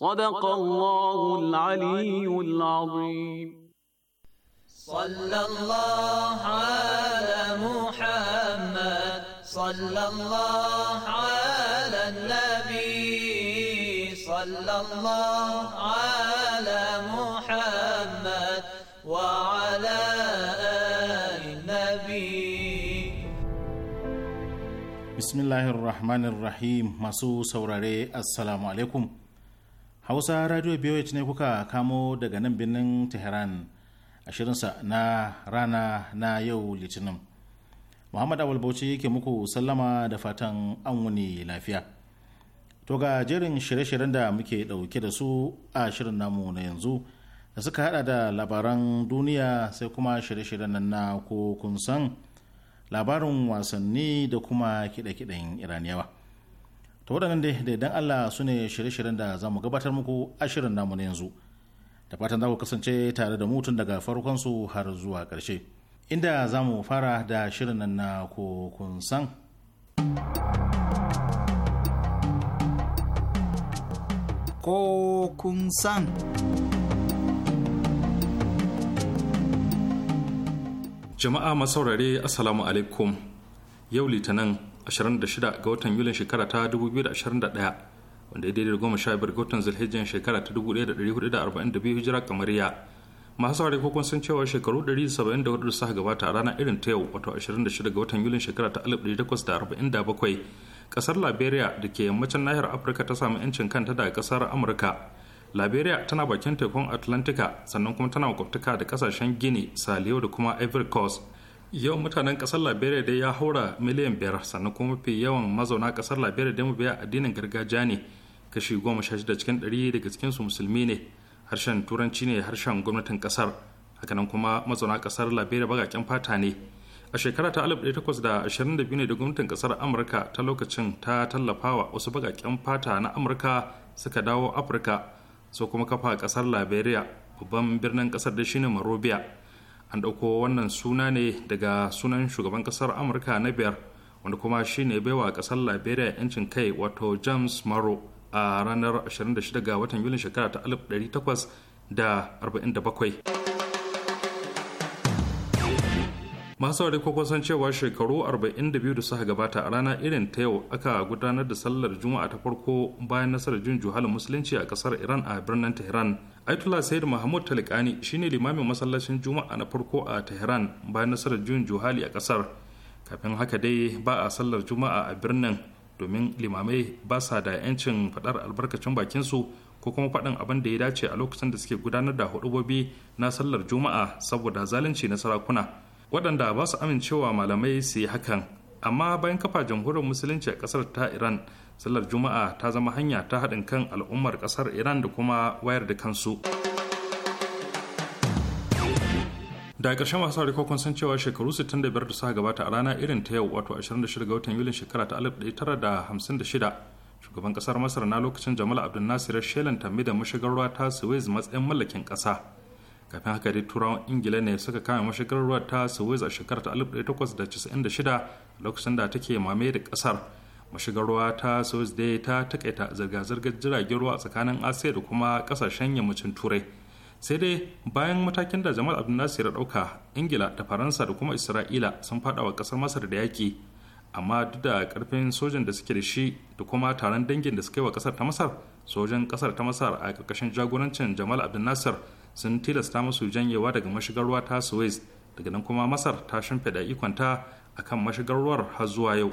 صدق الله العلي العظيم صلى الله على محمد صلى الله على النبي صلى الله على محمد وعلى آل النبي بسم الله الرحمن الرحيم مسو سوراري السلام عليكم hausa radio BOH ne kuka kamo daga nan birnin tehran a shirinsa na rana na yau litinin muhammad awal bauchi ke muku sallama da fatan an lafiya to ga jerin shirye-shiryen da muke dauke da su a shirin namu na yanzu da suka hada da labaran duniya sai kuma shirye-shiryen nan na ko kun san labarin wasanni da kuma kiɗe-kiɗen iraniyawa to waɗannan dai da idan Allah su ne shirye-shiryen da za mu gabatar muku a shirin namu na yanzu da fatan za ku kasance tare da mutun daga farkon su har zuwa ƙarshe inda za mu fara da shirin nan na kokun san kokun san jama'a masaurare assalamu alaikum yau litinin 26 ga watan yulin shekara ta 2021 wanda ya daidai da biyar ga watan zulhijjan shekara ta 1442 hijira kamariya masu saurari ko sun cewa shekaru 174 da suka gabata a ranar irin ta yau wato 26 ga watan yulin shekara ta 1847 kasar liberia da ke yammacin nahiyar afirka ta samu 'yancin kanta daga kasar amurka liberia tana bakin tekun atlantika sannan kuma tana makwabtaka da kasashen guinea saliyo da kuma ivory coast yawan mutanen kasar liberia dai ya haura miliyan biyar sannan kuma mafi yawan mazauna kasar liberia dai mabiya addinin gargajiya ne kashi goma sha shida cikin ɗari daga cikin su musulmi ne harshen turanci ne harshen gwamnatin kasar hakanan kuma mazauna kasar liberia bagaken fata ne a shekara ta alif 1822 ne da gwamnatin kasar amurka ta lokacin ta tallafawa wasu bagaken fata na amurka suka dawo afirka so kuma kafa kasar liberia babban birnin kasar da shine morobia an ɗauko wannan suna ne daga sunan shugaban ƙasar amurka na biyar wanda kuma shi ne baiwa ƙasar liberia 'yancin kai wato james maro a ranar 26 ga watan yulin shekara ta 1847 masu wari ko kusan cewa shekaru 42 da suka gabata a rana irin ta yau aka gudanar da sallar juma'a ta farko bayan nasarar jin juhalin musulunci a kasar iran a birnin tehran Aitullah Sayyid Mahmud Talikani shine limamin masallacin juma'a na farko a tehran bayan nasarar jin juhali a kasar kafin haka dai ba a sallar juma'a a birnin domin limamai ba sa da 'yancin faɗar albarkacin bakinsu ko kuma faɗin abin da ya dace a lokacin da suke gudanar da hudubobi na sallar juma'a saboda zalunci na sarakuna waɗanda ba su amincewa malamai su yi hakan amma bayan kafa jamhuriyar musulunci a ƙasar ta iran sallar juma'a ta zama hanya ta haɗin kan al'ummar ƙasar iran da kuma wayar da kansu da ƙarshen masu hariko kun san cewa shekaru 65 da suka gabata a rana irin ta yau wato 26 ga watan yulin shekara ta 1956 shugaban ƙasar masar na lokacin jamal abdul nasir shelan tammi da mashigar ruwa ta suez matsayin mallakin ƙasa kafin haka dai turawan ingila ne suka kame mashigar ruwa ta suez a shekarar ta 1896 lokacin da take mame da kasar mashigar ruwa ta suez dai ta takaita zirga-zirgar jiragen ruwa tsakanin asiya da kuma kasashen yammacin turai sai dai bayan matakin da jamal abdul nasir ya dauka ingila da faransa da kuma isra'ila sun fada wa kasar masar da yaki amma duk da karfin sojan da suke da shi da kuma taron dangin da suka yi wa kasar ta masar sojan kasar ta masar a karkashin jagorancin jamal abdul sun tilasta masu janyewa daga mashigar ta suez daga nan kuma masar ta shimfiɗa ikonta akan mashigar ruwar har zuwa yau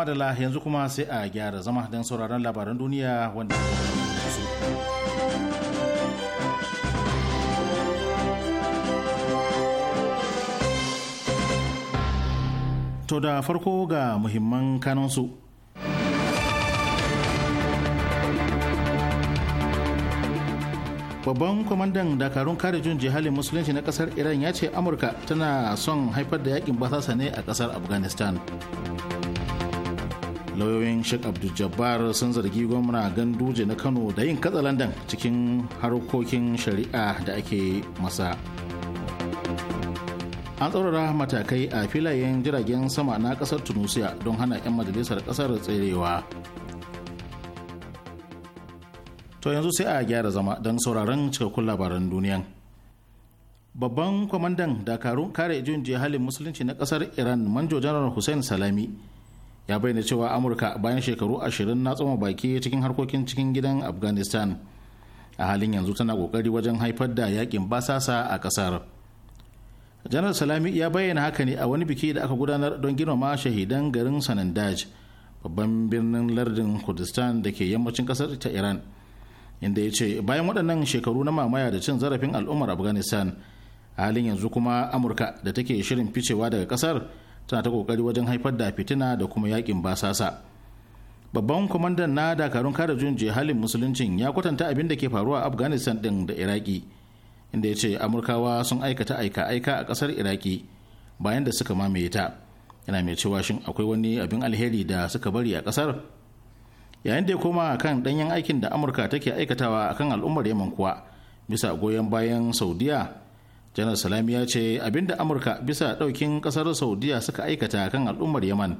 madala yanzu kuma sai a gyara zama don sauraron labaran duniya wanda To da farko ga muhimman kanansu. babban kwamandan dakarun kare jun jihalin musulunci na kasar iran ya ce amurka tana son haifar da yakin basasa ne a kasar afghanistan lauyoyin sheikh abdul sun zargi gwamna ganduje na kano da yin katsalandan cikin harkokin shari'a da ake masa an tsaurara matakai a filayen jiragen sama na kasar tunisia don hana 'yan majalisar kasar tserewa to yanzu sai a gyara zama don sauraron cikakkun labaran duniyan babban kwamandan dakarun kare juyin halin musulunci na kasar iran manjo janar hussein salami ya bayyana cewa amurka bayan shekaru ashirin na tsoma baki cikin harkokin cikin gidan afghanistan a halin yanzu tana kokari wajen haifar da yakin basasa a kasar janar salami ya bayyana haka ne a wani biki da aka gudanar don girmama shahidan garin sanandaj babban birnin lardin kurdistan da ke yammacin kasar ta iran inda ya ce bayan waɗannan shekaru na mamaya da cin zarafin al'ummar afghanistan a halin yanzu kuma amurka da take shirin ficewa daga kasar tana ta kokari wajen haifar da fitina da kuma yakin basasa babban kwamandan na dakarun kare juyin halin musuluncin ya kwatanta abin da ke faruwa a afghanistan din da iraki inda ya ce amurkawa sun aikata aika-aika a kasar iraki bayan da suka mamaye ta yana mai cewa shin akwai wani abin alheri da suka bari a kasar yayin da ya koma kan danyen aikin da amurka take aikatawa akan al'ummar yaman kuwa bisa goyon bayan saudiya janar salami ya ce abinda amurka bisa daukin kasar saudiya suka aikata kan al'ummar yaman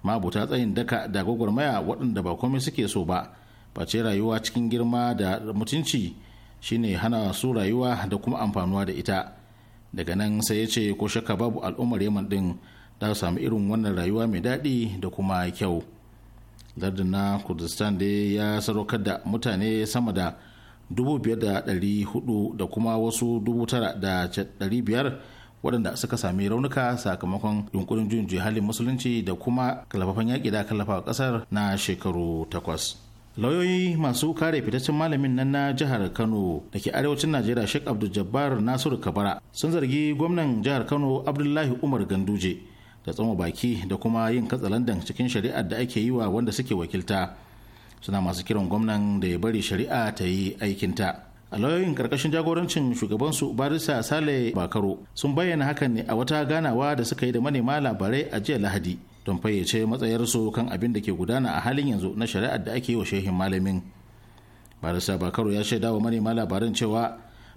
mabuta tsayin daka da gwagwarmaya waɗanda ba komai suke so ba face rayuwa cikin girma da mutunci shine hana su rayuwa da kuma amfanuwa da ita daga nan sai ya ce ko shakka babu al'ummar yaman din za su sami irin wannan rayuwa mai daɗi da kuma kyau lardin na kurdistan dai ya sarokar da mutane sama da 5,400 da kuma wasu 9,500 waɗanda suka sami raunuka sakamakon yunkurin jin halin musulunci da kuma kalafafan yaƙi da kalafa ƙasar na shekaru takwas. lauyoyi masu kare fitaccen malamin nan na jihar kano da ke arewacin najeriya sheikh abdul jabbar nasiru kabara sun zargi gwamnan jihar kano abdullahi umar ganduje da tsoma baki da kuma yin katsalandan cikin shari'ar da ake yi wa wanda suke wakilta suna masu kiran gwamnan da ya bari shari'a ta yi aikinta a lauyoyin karkashin jagorancin shugabansu barista sale bakaro sun bayyana hakan ne a wata ganawa da suka yi da manema labarai a jiya lahadi don fayyace matsayarsu kan abin da ke gudana a halin yanzu na shari'ar da ake yi wa shehin malamin barista bakaro ya shaida wa manema labaran cewa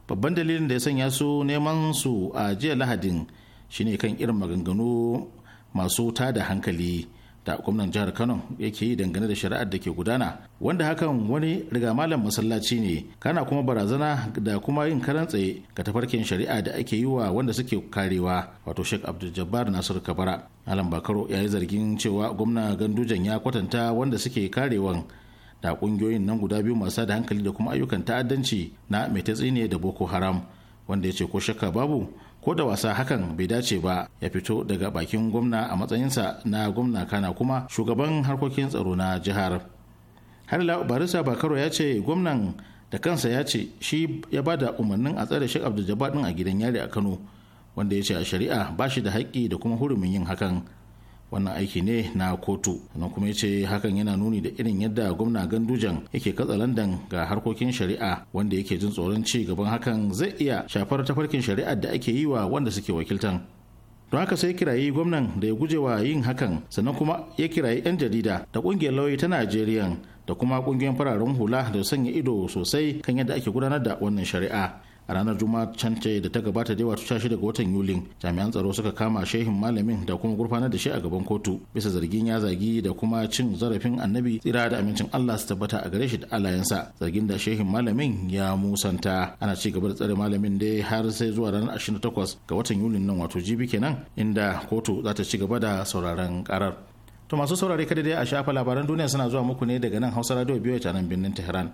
babban dalilin da ya sanya su neman su a jiya lahadin shine kan irin maganganu masu tada hankali da gwamnan jihar kano yake yi dangane da shari'ar da ke gudana wanda hakan wani riga malam masallaci ne kana kuma barazana da kuma yin karan tsaye ga tafarkin shari'a da ake yi wa wanda suke karewa wato sheikh abdul jabbar nasiru kabara malam bakaro ya yi zargin cewa gwamna gandujan ya kwatanta wanda suke karewan da kungiyoyin nan guda biyu masu da hankali da kuma ayyukan ta'addanci na mai da boko haram wanda ya ce ko shakka babu ko da wasa hakan bai dace ba ya fito daga bakin gwamna a matsayinsa na gwamna kana kuma shugaban harkokin tsaro na jihar har ila barisa bakaro ya ce gwamnan da kansa ya ce shi ya ba da umarnin a tsare shi abdul din a gidan yari a kano wanda ya ce a shari'a ba shi da haƙƙi da kuma hurumin yin hakan wannan aiki ne na kotu wannan kuma ce hakan yana nuni da irin yadda gwamna gandujan yake katsa landan ga harkokin shari'a wanda yake jin tsoron ci gaban hakan zai iya shafar tafarkin shari'ar da ake yi wa wanda suke wakiltan don haka sai kirayi gwamnan da ya guje wa yin hakan sannan kuma ya kirayi 'yan jarida da kungiyar lauyi ta najeriya da kuma kungiyar fararen hula da sanya ido sosai kan yadda ake gudanar da wannan shari'a a ranar juma'a can ce da ta gabata dai wato 16 ga watan yulin jami'an tsaro suka kama shehin malamin da kuma gurfanar da shi a gaban kotu bisa zargin ya zagi da kuma cin zarafin annabi tsira da amincin Allah su tabbata a gare shi da alayansa zargin da shehin malamin ya musanta ana ci gaba da tsare malamin dai har sai zuwa ranar 28 ga watan yulin nan wato jibi kenan inda kotu za ta ci gaba da sauraron karar to masu saurare kada dai a shafa labaran duniya suna zuwa muku ne daga nan hausa radio biyu a nan birnin tehran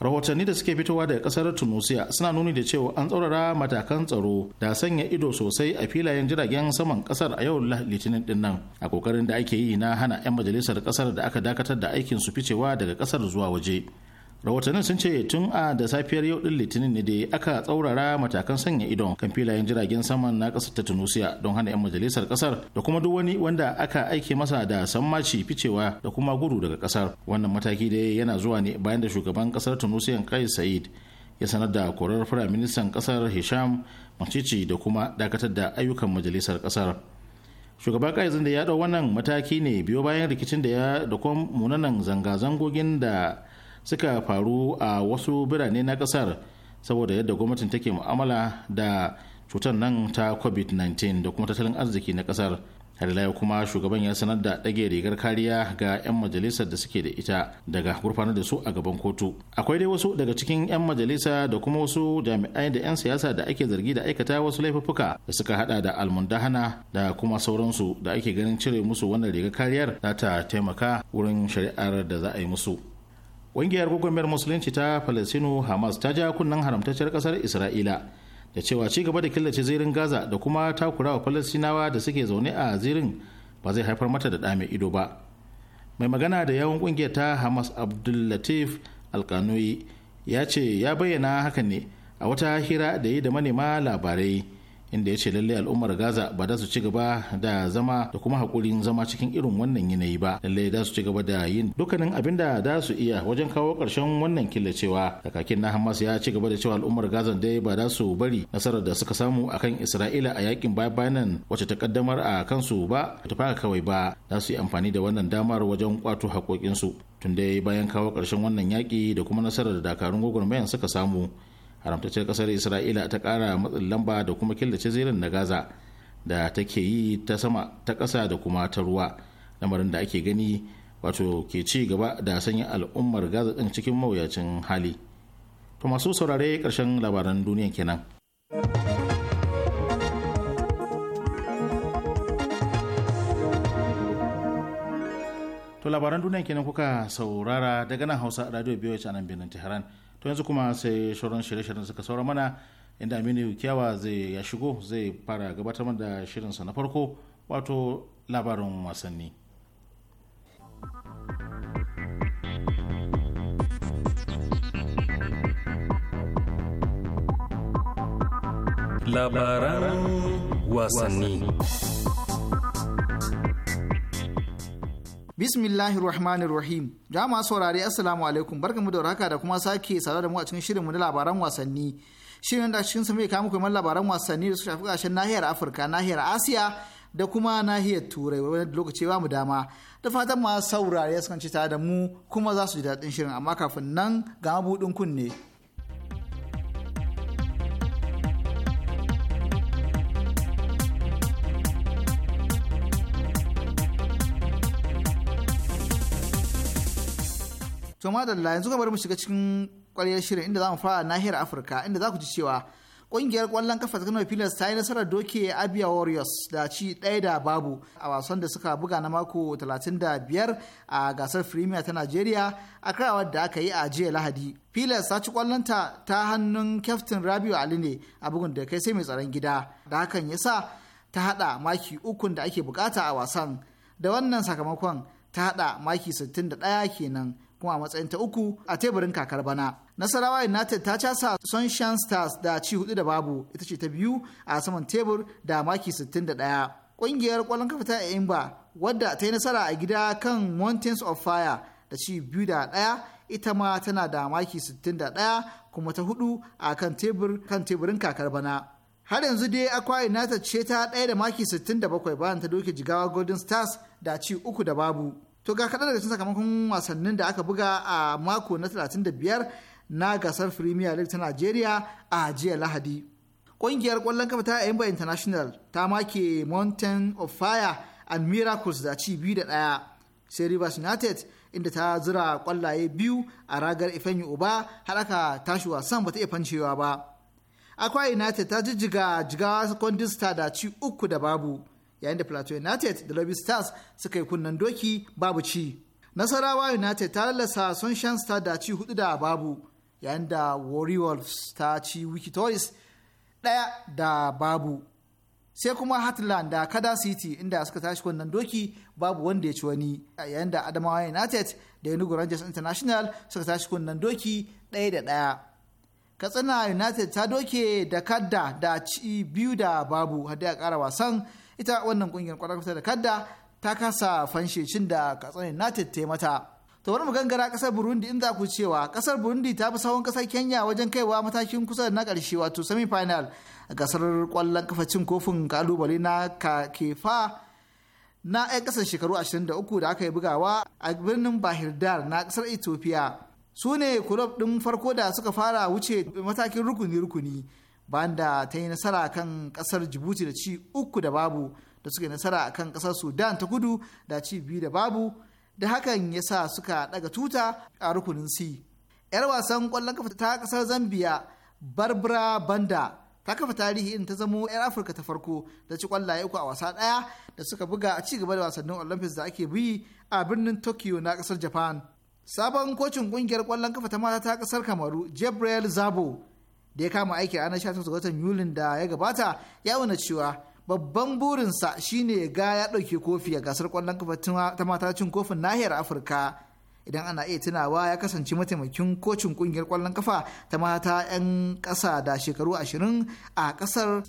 rahotanni da suke fitowa daga kasar tunisia suna nuni da cewa an tsaurara matakan tsaro da sanya ido sosai a filayen jiragen saman kasar a yau litinin din nan a kokarin da ake yi na hana 'yan majalisar kasar da aka dakatar da aikin su ficewa daga kasar zuwa waje rahotannin sun ce tun a da safiyar yau din litinin ne da aka tsaurara matakan sanya idon kan filayen jiragen saman na kasar ta tunisia don hana 'yan majalisar kasar da kuma duk wani wanda aka aike masa da sammaci ficewa da kuma gudu daga kasar wannan mataki dai yana zuwa ne bayan da shugaban kasar tunisia kai sa'id ya sanar da korar firaministan kasar hisham macici da kuma dakatar da ayyukan majalisar kasar shugaban kai da ya dau wannan mataki ne biyo bayan rikicin da ya da kuma munanan zanga-zangogin da suka faru a wasu birane na kasar saboda yadda gwamnatin take mu'amala da cutar nan ta covid-19 da kuma tattalin arziki na kasar halilayo kuma shugaban ya sanar da ɗage rigar kariya ga 'yan majalisar da suke da ita daga gurfanar da su a gaban kotu akwai dai wasu daga cikin 'yan majalisa da kuma wasu jami'ai da 'yan siyasa da ake zargi da aikata wasu laifuffuka da suka hada da almundahana da kuma sauransu da ake ganin cire musu wannan rigar kariyar za ta taimaka wurin shari'ar da za a yi musu ƙungiyar gwagwarmayar musulunci ta palestino hamas ta ja kunnen haramtacciyar ƙasar isra'ila da cewa ci gaba da killace zirin gaza da kuma wa falastinawa da suke zaune a zirin ba zai haifar mata da mai ido ba mai magana da yawon ƙungiyar ta hamas abdullatif alkanoyi ya ce ya bayyana haka ne a wata hira da yi da manema labarai inda ya ce lalle al'ummar gaza ba da su ci gaba da zama da kuma hakurin zama cikin irin wannan yanayi ba lalle da su ci gaba da yin dukkanin abin da da su iya wajen kawo ƙarshen wannan killacewa kakakin na hamas ya ci gaba da cewa al'ummar gaza dai ba da su bari nasarar da suka samu a kan isra'ila a yakin bayanan wacce ta kaddamar a kansu ba ta fara kawai ba za su yi amfani da wannan damar wajen kwato haƙoƙinsu tun dai bayan kawo ƙarshen wannan yaƙi da kuma nasarar da dakarun gwagwarmayan suka samu haramtaccen kasar isra'ila ta kara matsin lamba da kuma killace zirin na gaza da take yi ta sama ta kasa da kuma ta ruwa lamarin da ake gani wato ke ci gaba da sanya al'ummar gaza din cikin mawuyacin hali to masu saurare karshen labaran duniya kenan to labaran duniya kenan kuka saurara daga nan hausa radio biyu a nan birnin tehran to yanzu kuma sai shirin shirye-shiryen suka saura mana inda aminu kyawa zai ya shigo zai fara gabatar da shirinsa na farko wato labarin wasanni labaran wasanni Bismillahir Rahmanir Rahim. Jama'a saurare Assalamu alaikum. Barkamu da warhaka da kuma sake saurare da mu a cikin shirinmu na labaran wasanni. Shirin da cikin sa mai kawo labaran wasanni da suka shafi kasashen nahiyar Afirka, nahiyar Asiya da kuma nahiyar Turai wani lokaci ba mu dama. Da fatan ma saurare sun ci tare da mu kuma za su ji daɗin shirin amma kafin nan ga mabuɗin kunne. To madalla yanzu bari mu shiga cikin kwaryar shirin inda za mu fara nahiyar Afirka inda za ku ji cewa kungiyar kwallon kafa ta Kano filas ta yi nasarar doke Abia Warriors da ci ɗaya da babu a wasan da suka buga na mako 35 a gasar Premier ta nigeria a karawar da aka yi a jiya Lahadi. filas ta ci kwallonta ta hannun Kyaftin Rabiu Ali ne a bugun da kai sai mai tsaron gida da hakan ya sa ta hada maki ukun da ake bukata a wasan. Da wannan sakamakon ta hada maki 61 kenan. kuma a matsayin ta uku a teburin kakar bana. Nasarawa United ta casa Sunshine Stars da ci hudu da babu ita ce ta biyu a saman tebur da maki 61. Kungiyar kwallon kafa ta Imba wadda ta yi nasara a gida kan Mountains of Fire da ci biyu da daya ita ma tana da maki 61 kuma ta hudu a kan tebur kan teburin kakar bana. Har yanzu dai Akwa United ce ta ɗaya da maki 67 bayan ta doke jigawa Golden Stars da ci uku da babu. To ga kaɗan daga cikin sakamakon wasannin da aka buga a mako na 35 na gasar Premier League ta Najeriya a jiya Lahadi. Ƙungiyar ƙwallon kafa ta yamba International ta make Mountain of Fire and Miracles da ci biyu da ɗaya. Sai Rivers United inda ta zira ƙwallaye biyu a ragar Ifeanyi Uba har aka tashi wasan ta iya fancewa ba. Akwa United ta jijjiga jigawa secondary da ci uku da babu. yayin da plateau united da lobby stars suka yi kunnen doki babu ci nasarawa united ta lallasa sunshine star da ci hudu da babu yayin da warriors ta ci toys daya da babu sai kuma Heartland da Kada City inda suka tashi kunnen doki babu wanda ya ci wani yayin da Adamawa United da Enugu Rangers International suka tashi kunnen doki daya da daya. Katsina United ta doke da Kadda da ci biyu da babu har ya kara wasan ita wannan kungiyar kwadar kafa da kadda ta kasa fanshe cin da katsanin united ta mata to bari mu gangara kasar burundi inda ku cewa kasar burundi ta fi sahun kasar kenya wajen kaiwa matakin kusa da na karshe wato semi final a gasar kwallon kafa cin kofin kalubale na kakefa na 'yan kasar shekaru 23 da aka yi bugawa a birnin bahirdar na kasar ethiopia su ne kulob ɗin farko da suka fara wuce matakin rukuni-rukuni banda da ta yi nasara a kan kasar jibuti da ci uku da babu da suka yi nasara a kan kasar sudan ta kudu da ci biyu da babu da hakan ya sa suka daga tuta a rukunin c yar wasan kwallon kafa ta kasar zambia barbara banda ta kafa tarihi in ta zamo 'yar afirka ta farko da ci kwallaye uku a wasa daya da suka buga a cigaba da wasannin olympics da ake bi a birnin tokyo na kasar japan sabon kocin kungiyar kwallon kafa ta mata ta kasar kamaru jebrel zabo da ya kama aiki ranar 18 ta watan yulin da ya gabata ya nuna cewa babban burinsa shine ga ya ɗauki kofi a gasar kwallon kafa ta mata cin kofin nahiyar afirka idan ana iya tunawa ya kasance mataimakin kocin ƙungiyar kwallon kafa ta mata 'yan kasa da shekaru 20 a kasar.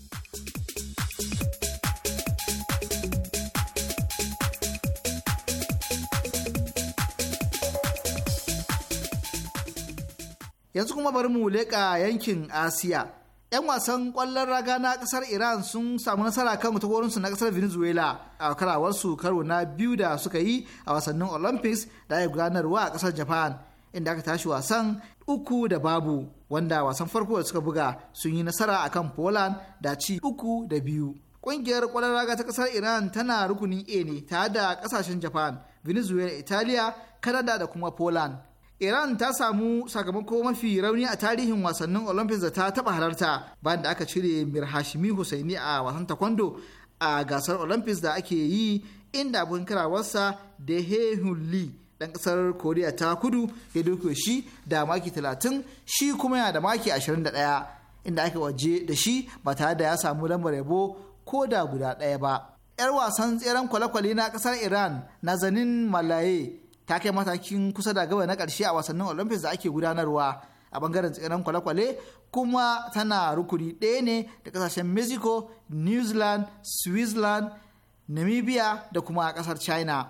yanzu kuma bari mu leƙa yankin asiya yan wasan kwallon raga na kasar iran sun samu nasara kan su na kasar venezuela a karawarsu karo na biyu da suka yi a wasannin olympics da ake gudanarwa a kasar japan inda aka tashi wasan uku da babu wanda wasan farko da suka buga sun yi nasara a kan poland da ci uku da biyu ƙungiyar kwallon raga ta kasar iran tana rukunin a ne tare da kasashen japan venezuela italiya kanada da kuma poland Iran ta samu sakamako mafi rauni a tarihin wasannin Olympics da ta taba halarta bayan da aka cire Mir Hashimi Hussaini a wasan taekwondo a gasar Olympics da ake yi inda abokin karawarsa da Hehuli ɗan ƙasar Koriya ta kudu ya doke shi da maki 30 shi kuma yana da maki 21 inda aka waje da shi ba tare da ya samu lambar yabo ko da guda ɗaya ba. 'Yar wasan tseren kwale-kwale na kasar Iran Nazanin Malaye ta kai matakin kusa da gaba na ƙarshe a wasannin olympics da ake gudanarwa a bangaren tsakanin kwale-kwale kuma tana rukuni ɗaya ne da ƙasashen mexico new zealand switzerland namibia da kuma ƙasar china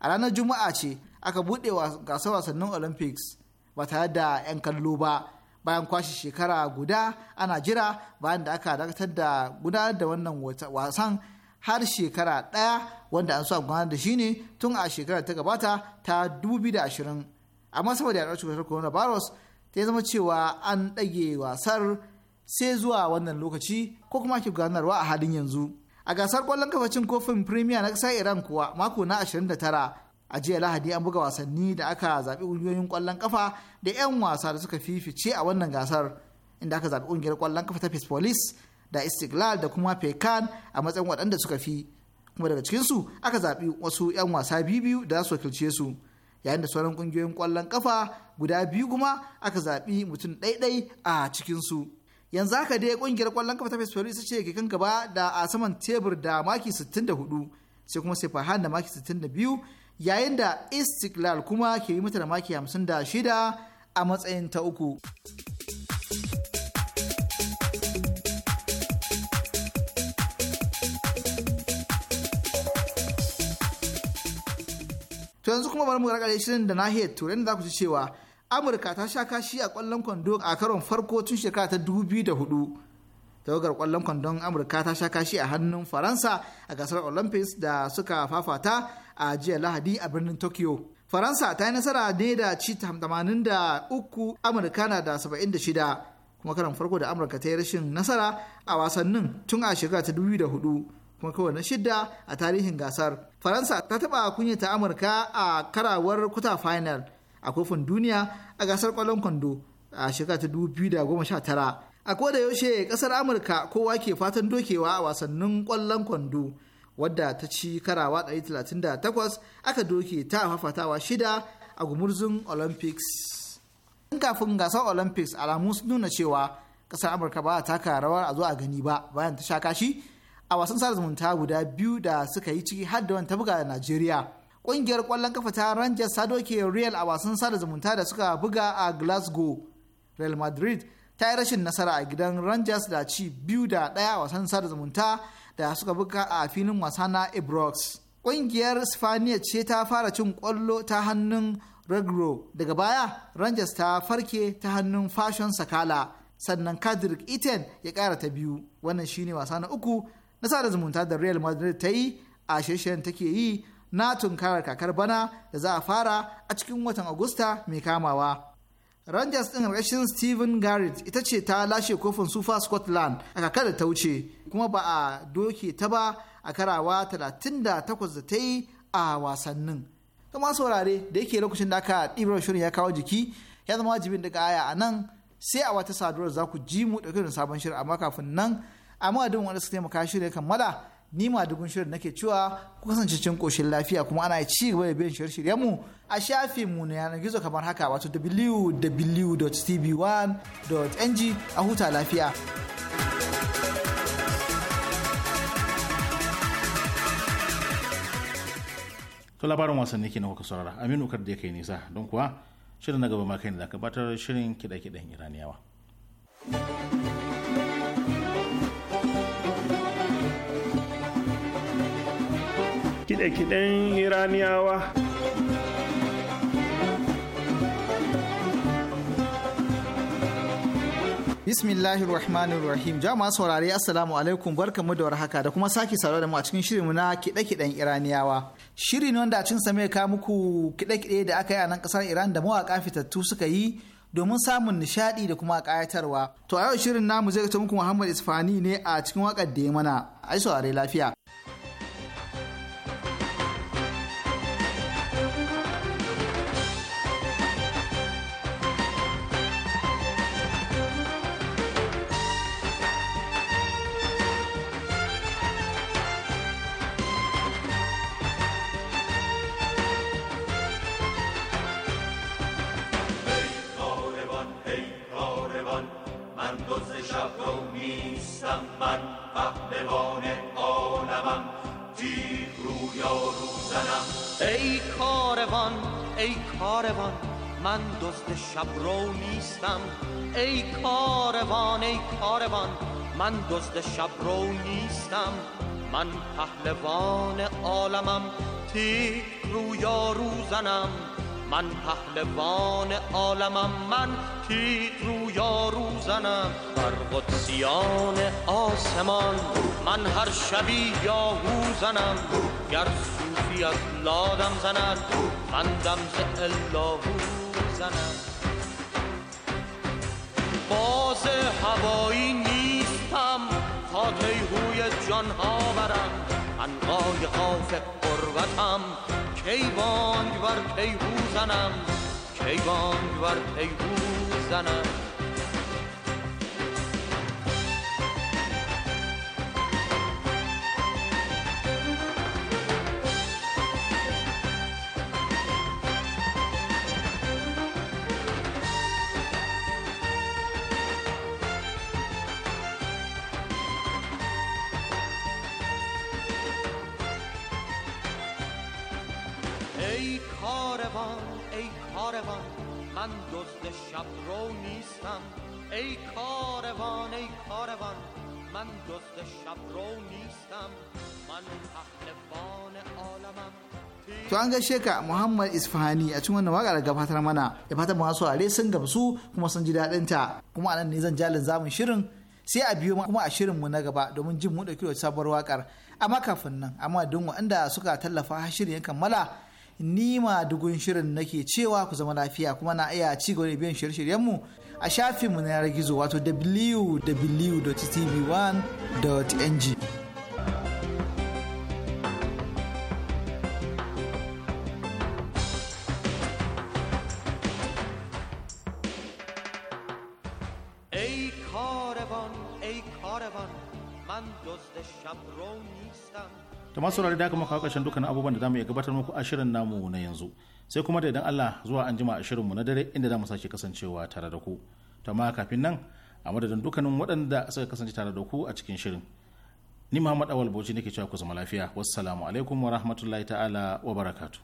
a ranar juma'a ce aka buɗe gasar wasannin olympics ba tare da 'yan kallo ba bayan kwashe shekara guda ana jira bayan da aka dakatar da gudanar da wannan wasan har shekara ɗaya wanda an sa amfana da shi ne tun a shekarar ta gabata ta 2020 amma saboda yaɗuwar cutar coronavirus ta zama cewa an ɗage wasar sai zuwa wannan lokaci ko kuma ake gudanarwa a halin yanzu a gasar kwallon cin kofin premier na ƙasar iran kuwa mako na 29 a jiya lahadi an buga wasanni da aka zaɓi ƙungiyoyin ƙwallon kafa da 'yan wasa da suka fifice a wannan gasar inda aka zaɓi ƙungiyar ƙwallon kafa ta police da istiklal da kuma pekan a matsayin waɗanda suka fi kuma daga cikinsu aka zaɓi wasu 'yan wasa biyu da su wakilce su yayin da sauran ƙungiyoyin ƙwallon ƙafa guda biyu kuma aka zaɓi mutum ɗaiɗai a cikinsu yanzu haka dai ƙungiyar ƙwallon ƙafa ta fesfari ita ce ke kan gaba da a saman tebur da maki 64 sai kuma sefahan da maki 62 yayin da istiklal kuma ke yi mata da maki 56 a matsayin ta uku. to yanzu kuma bari mu shirin da nahiyar turai da za ku ci cewa amurka ta sha kashi a kwallon kwando a karon farko tun shekara ta da hudu tawagar kwallon kwandon amurka ta sha kashi a hannun faransa a gasar olympics da suka fafata a jiya lahadi a birnin tokyo faransa ta yi nasara ne da ci 83 amurka na da shida kuma karon farko da amurka ta yi rashin nasara a wasannin tun a shekara ta 2004 kuma kawai na shidda a tarihin gasar faransa ta taɓa kunyata amurka a karawar kuta final a kofin duniya a gasar kwallon kwando a shekara ta 2019 a koda yaushe kasar amurka kowa ke fatan dokewa a wasannin kwallon kwando wadda ta ci karawa 138 aka doke ta fafatawa shida a gumurzun olympics kafin gasar olympics alamu sun nuna cewa kasar amurka ba taka rawar a zo a gani ba bayan ta sha kashi a wasan sada zumunta guda biyu da suka yi ciki har da wani ta buga da Najeriya. Ƙungiyar kwallon kafa ta Rangers ta doke Real a wasan sada zumunta da suka buga a Glasgow. Real Madrid ta yi rashin nasara a gidan Rangers da ci biyu da ɗaya a wasan sada zumunta da suka buga a filin wasa na Ibrox. Ƙungiyar Spaniya ce ta fara cin kwallo ta hannun Regro. Daga baya, Rangers ta farke ta hannun Fashion Sakala. Sannan Kadrick Iten ya ƙara ta biyu. Wannan shine wasa na uku na sada zumunta da Real Madrid ta yi a ta take yi na tunkarar kakar bana da za a fara a cikin watan Agusta mai kamawa. Rangers din rashin Steven Garrett ita ce ta lashe kofin Super Scotland a kakar da ta wuce kuma ba a doke ta ba a karawa 38 da ta yi a wasannin. Kuma saurare da yake lokacin da aka ɗibar shirin ya kawo jiki ya zama wajibin daga aya a nan sai a wata saduwar za ku ji mu ɗauke da sabon shirin amma kafin nan a duk wanda suka taimaka shirya kammala ni ma dugun shirin nake cewa ku kasance cikin koshin lafiya kuma ana ci gaba da biyan shirye-shiryen mu a shafin mu na yanar gizo kamar haka wato www.tv1.ng a huta lafiya. To labarin wasanni ke na kuka saurara Aminu kar da ya kai nisa don kuwa shirin na gaba ma kai da gabatar shirin kiɗa-kiɗan Iraniyawa. Kide kiden iraniyawa bismillahir rahmanir rahim jama'a saurare assalamu alaikum barkamu da warhaka da kuma sake saurare da mu a cikin shirinmu na kide kiden iraniyawa shiri ne wanda a cin same ka muku kide kiɗe da aka yi a nan ƙasar iran da mawaka fitattu suka yi domin samun nishaɗi da kuma ƙayatarwa to a yau shirin namu zai ta muku muhammad isfani ne a cikin waƙar da ya mana ai saurare lafiya ای کاروان من دزد شب رو نیستم ای کاروان ای کاروان من دزد شب رو نیستم من پهلوان عالمم تیک یا روزنم من پهلوان عالمم من تیغ یا روزنم بر قدسیان آسمان من هر شبی یاهو زنم گر صوفی از لادم زند من دمز زنم باز هوایی نیستم تا تیهوی جان ها برم من قای قربتم کیوانگ بانگ بر زنم کیوانگ بانگ بر زنم To an gaishe ka Muhammad Isfahani a cikin wannan waƙar gabatar mana da fatan masu are sun gamsu kuma sun ji daɗin ta kuma anan ne zan jalin zamun shirin sai a biyo kuma a shirin mu na gaba domin jin mu dauki wata sabuwar waƙar amma kafin nan amma don waɗanda suka tallafa ha shirin kammala ni ma dugun shirin nake cewa ku zama lafiya kuma na iya ci gaba da biyan shirye-shiryen mu a shafinmu na yanar gizo wato www.tv1.ng من دزد شب رو نیستم da masu saurari da kuma kawakashin ƙarshen dukkan abubuwan da zamu iya gabatar muku a shirin namu na yanzu sai kuma da idan Allah zuwa an jima a shirinmu na dare inda zamu sake kasancewa tare da ku to ma kafin nan a madadin dukkanin waɗanda suka kasance tare da ku a cikin shirin ni Muhammad Awal Bauchi nake cewa ku zama lafiya wassalamu alaikum wa rahmatullahi ta'ala wa barakatuh